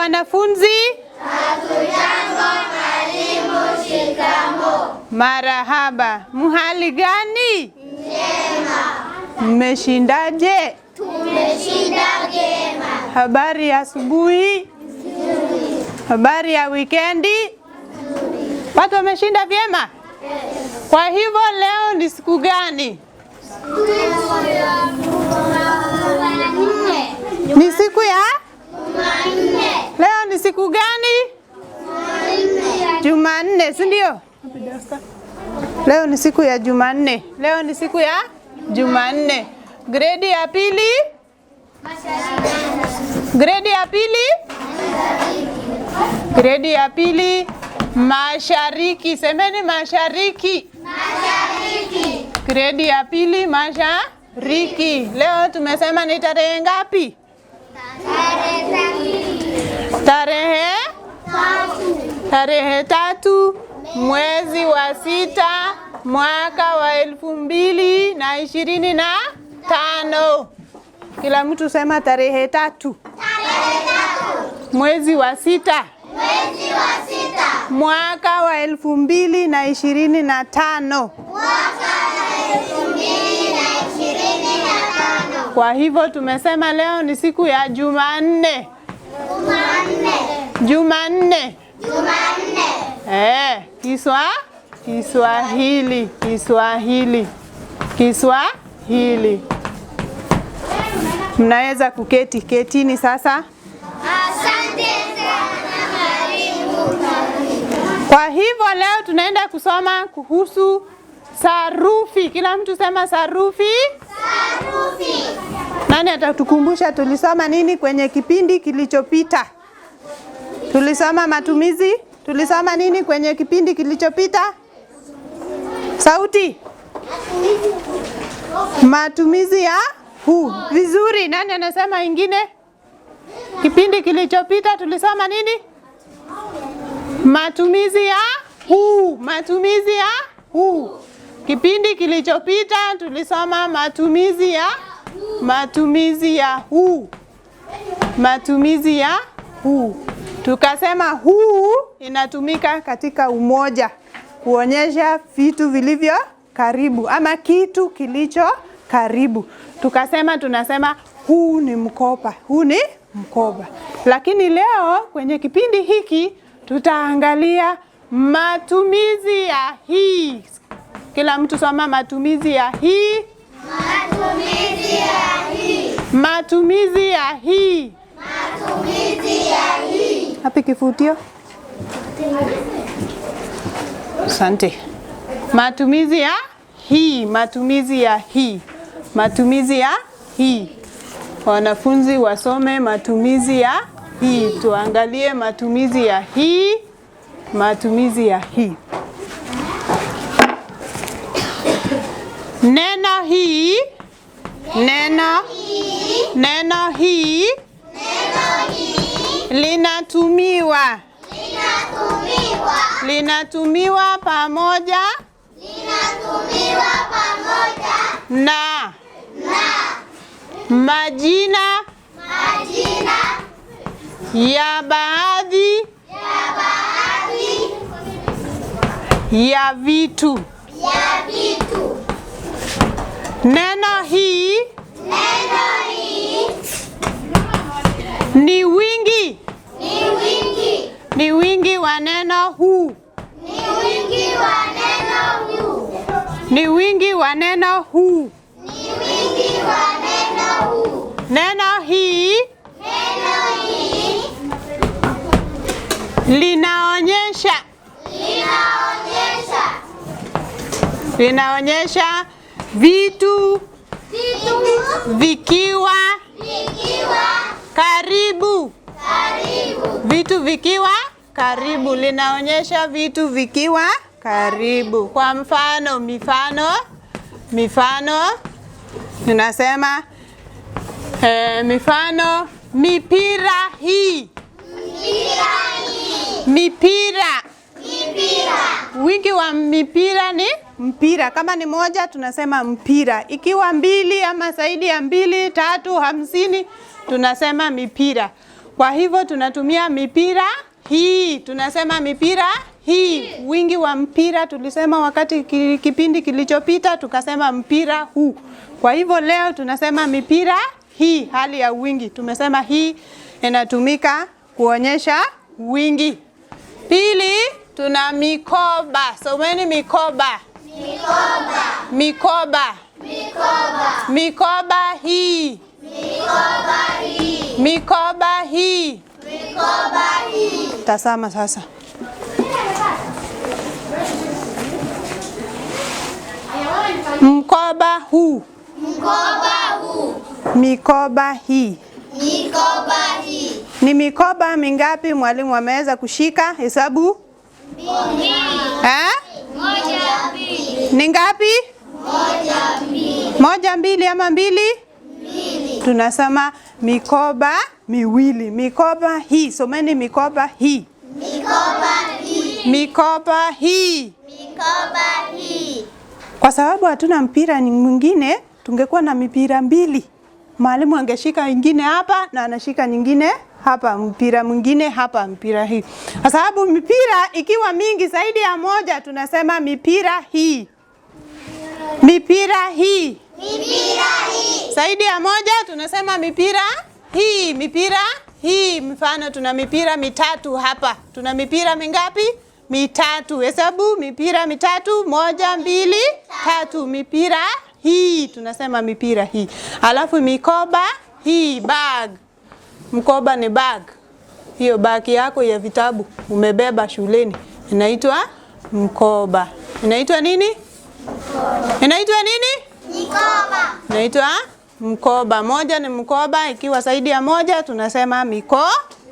Wanafunzi, hatujambo mwalimu. Shikamo. Marahaba. Mhali gani? Njema. Mmeshindaje? Tumeshinda vyema. Habari ya asubuhi? Nzuri. Habari ya wikendi? Nzuri. Watu wameshinda vyema? Yes. Kwa hivyo leo ni siku gani? Siku ya... ni siku ya Leo ni siku gani? Jumanne, si ndio? Leo ni siku ya Jumanne. Leo ni siku ya Jumanne. Gredi ya pili? Gredi ya pili? Gredi ya pili mashariki. Semeni mashariki. Mashariki. Gredi ya pili mashariki. Leo tumesema ni tarehe ngapi? Tarehe tarehe tatu mwezi wa sita mwaka wa elfu mbili na ishirini na tano. Kila mtu sema tarehe tatu, tarehe tatu mwezi wa sita mwezi wa sita mwaka wa elfu mbili na ishirini na tano. Kwa hivyo tumesema leo ni siku ya Jumanne. Jumanne. Jumanne. Jumanne. Eh, Kiswa Kiswahili, Kiswahili. Kiswahili. Mnaweza kuketi ketini sasa. Asante sana mwalimu. Kwa hivyo leo tunaenda kusoma kuhusu sarufi. Kila mtu sema sarufi. Nani atatukumbusha tulisoma nini kwenye kipindi kilichopita? Tulisoma matumizi, tulisoma nini kwenye kipindi kilichopita? Sauti. Matumizi ya hu. Vizuri, nani anasema ingine? Kipindi kilichopita tulisoma nini? Matumizi ya hu. Matumizi ya hu. Kipindi kilichopita tulisoma matumizi ya matumizi ya huu, matumizi ya huu. Tukasema huu inatumika katika umoja kuonyesha vitu vilivyo karibu ama kitu kilicho karibu. Tukasema tunasema huu ni mkoba, huu ni mkoba. Lakini leo kwenye kipindi hiki tutaangalia matumizi ya hii. Kila mtu soma matumizi ya hii, matumizi ya hii, matumizi ya hii, matumizi ya hii. Hapi kifutio. Asante. Matumizi ya hii, matumizi ya hii, matumizi ya hii. Wanafunzi wasome matumizi ya hii. Tuangalie matumizi ya hii, matumizi ya hii. Neno hii neno neno hii linatumiwa linatumiwa linatumiwa pamoja linatumiwa pamoja na na majina majina ya baadhi ya baadhi ya vitu Ni wingi wa neno huu. Ni wingi wa neno huu. Neno hii. Neno hii. Linaonyesha. Linaonyesha. Linaonyesha vitu. Vitu. Vikiwa. Vikiwa. Karibu. Karibu. Vitu vikiwa karibu. Linaonyesha vitu vikiwa karibu. Kwa mfano, mifano mifano tunasema e, eh, mifano mipira hii, mipira hii. Mipira. Mipira. Wingi wa mipira ni mpira. Kama ni moja tunasema mpira, ikiwa mbili ama zaidi ya mbili, tatu, hamsini tunasema mipira. Kwa hivyo tunatumia mipira hii, tunasema mipira hii wingi wa mpira tulisema wakati kipindi kilichopita, tukasema mpira huu. Kwa hivyo leo tunasema mipira hii, hali ya wingi. Tumesema hii inatumika kuonyesha wingi. Pili, tuna mikoba. Someni mikoba. Mikoba. Mikoba. Mikoba. Mikoba hii. Mikoba hii. Mikoba hii. Mikoba hii. Tazama sasa. Mkoba huu. Mkoba huu. Mikoba hii. Mikoba hii. Ni mikoba mingapi mwalimu ameweza kushika? Hesabu. Mbili. Eh? Moja mbili. Ni ngapi? Moja mbili. Moja mbili ama mbili? Mbili. Tunasema mikoba miwili. Mikoba hii. Someni mikoba hii. Mikoba hii. Mikoba hii. Mikoba hii kwa sababu hatuna mpira ni mwingine, tungekuwa na mipira mbili, mwalimu angeshika ingine hapa na anashika nyingine hapa, mpira mwingine hapa, mpira hii. Kwa sababu mipira ikiwa mingi zaidi ya moja, tunasema mipira hii, mipira hii, mipira hii. Zaidi ya moja tunasema mipira hii, mipira hii. Mfano, tuna mipira mitatu hapa. Tuna mipira mingapi? mitatu. Hesabu mipira mitatu, moja, mbili, tatu. Mipira hii tunasema mipira hii. Alafu mikoba hii, bag. Mkoba ni bag, hiyo bag yako ya vitabu umebeba shuleni inaitwa mkoba. Inaitwa nini? Inaitwa nini? Mikoba. Inaitwa mkoba. Moja ni mkoba, ikiwa zaidi ya moja tunasema miko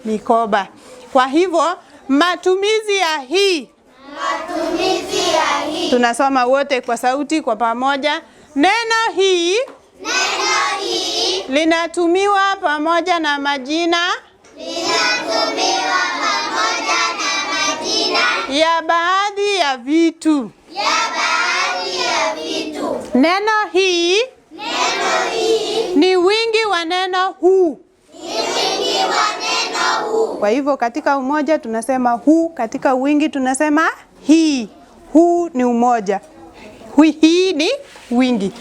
mikoba. Kwa hivyo Matumizi ya hii. Matumizi ya hii. Tunasoma wote kwa sauti kwa pamoja. Neno hii. Neno hii. Linatumiwa pamoja na majina. Linatumiwa pamoja na majina. Ya baadhi ya vitu. Ya baadhi ya vitu. Neno hii. Neno hii. Ni wingi wa neno huu. Kwa hivyo katika umoja tunasema hu, katika wingi tunasema hii. Huu ni umoja, hui, hii ni wingi.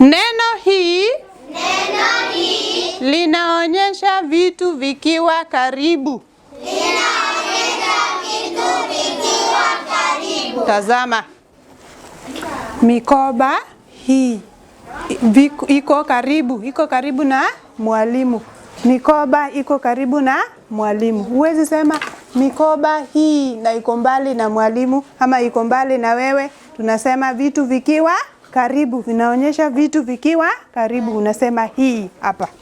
Neno hii, neno hi linaonyesha vitu vikiwa karibu, linaonyesha vitu vikiwa karibu. Tazama mikoba hii iko karibu, iko karibu na mwalimu mikoba iko karibu na mwalimu. Huwezi sema mikoba hii na iko mbali na mwalimu ama iko mbali na wewe. Tunasema vitu vikiwa karibu, vinaonyesha vitu vikiwa karibu, unasema hii hapa.